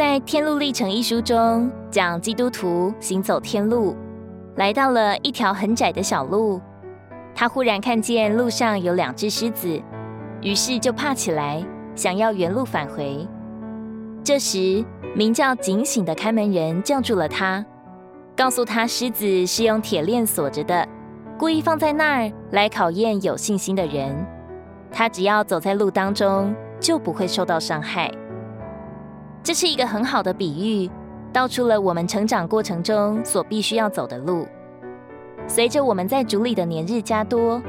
在《天路歷程》一書中，講基督徒行走天路，來到了一條很窄的小路。他忽然看見路上有兩隻獅子，於是就怕起來，想要原路返回。這時，名叫警醒的看門人叫住了他，告訴他獅子是用鐵鏈鎖着的，故意放在那兒來考驗有信心的人。他只要走在路當中，就不會受到傷害。這是一個很好的比喻，道出了我們成長過程中所必須要走的路。隨着我們在主裡的年日加多，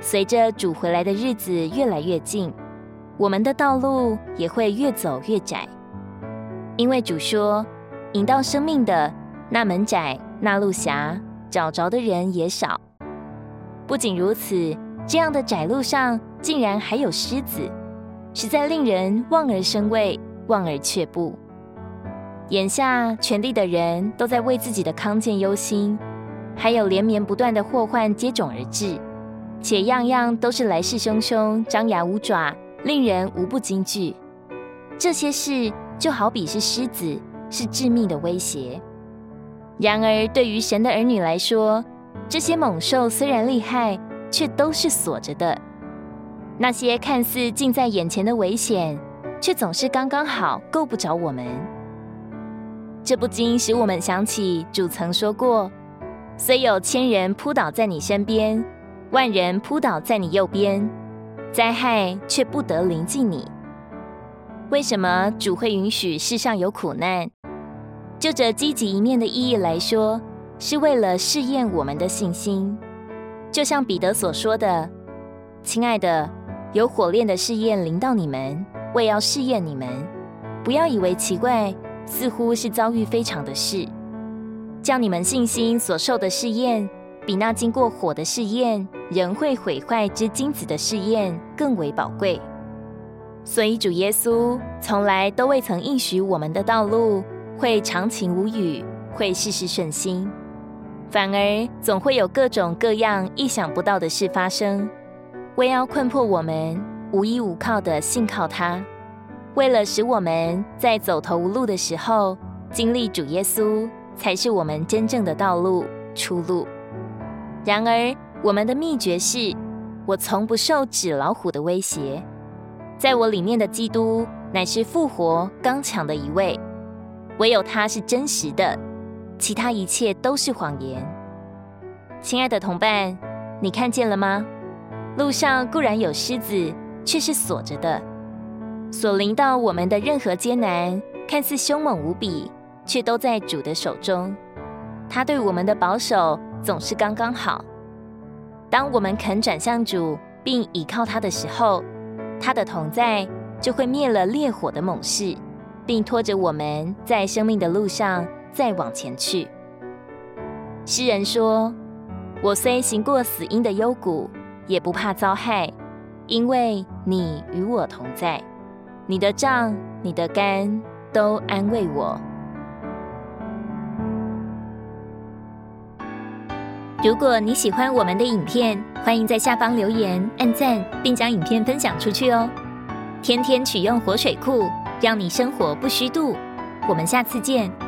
隨着主回來的日子越來越近，我們的道路也會越走越窄。因為主說，引到生命的，那門窄，那路狹，找着的人也少。不僅如此，這樣的窄路上竟然還有獅子，實在令人望而生畏。望而卻步。眼下，全地的人都在為自己的康健憂心，還有連綿不斷的禍患接踵而至，且樣樣都是來勢洶洶、張牙舞爪，令人無不驚懼。這些事就好比是獅子，是致命的威脅。然而，對於神的兒女來說，這些猛獸雖然厲害，卻都是鎖着的。那些看似近在眼前的危險，卻總是剛剛好夠不着我們，這不禁使我們想起主曾說過：“雖有千人撲倒在你身邊，萬人撲倒在你右邊，災害卻不得臨近你。”為什麼主會允許世上有苦難？就着積極一面的意義來說，是為了試驗我們的信心。就像彼得所說的：“親愛的，有火煉的試驗臨到你們。”為要試驗你們，不要以為奇怪，似乎是遭遇非常的事，叫你們信心所受的試驗，比那經過火的試驗，仍會毀壞之金子的試驗更為寶貴。所以主耶穌從來都未曾應許我們的道路會長晴無雨，會事事順心，反而總會有各種各樣意想不到的事發生，為要困迫我們。無依無靠的信靠他，為了使我們在走投無路的時候，經歷主耶穌才是我們真正的道路出路。然而，我們的秘訣是：我從不受紙老虎的威脅，在我裡面的基督乃是復活剛強的一位，唯有他是真實的，其他一切都是謊言。親愛的同伴，你看見了嗎？路上固然有獅子。卻是鎖着的，所臨到我們的任何艱難，看似兇猛無比，卻都在主的手中。他對我們的保守總是剛剛好。當我們肯轉向主，並倚靠他的時候，他的同在就會滅了烈火的猛勢，並拖着我們在生命的路上再往前去。詩人說：“我雖行過死蔭的幽谷，也不怕遭害。”因為你與我同在，你的杖、你的竿，都安慰我。如果你喜歡我們的影片，歡迎在下方留言、按贊，並將影片分享出去哦。天天取用活水庫，讓你生活不虛度。我們下次見。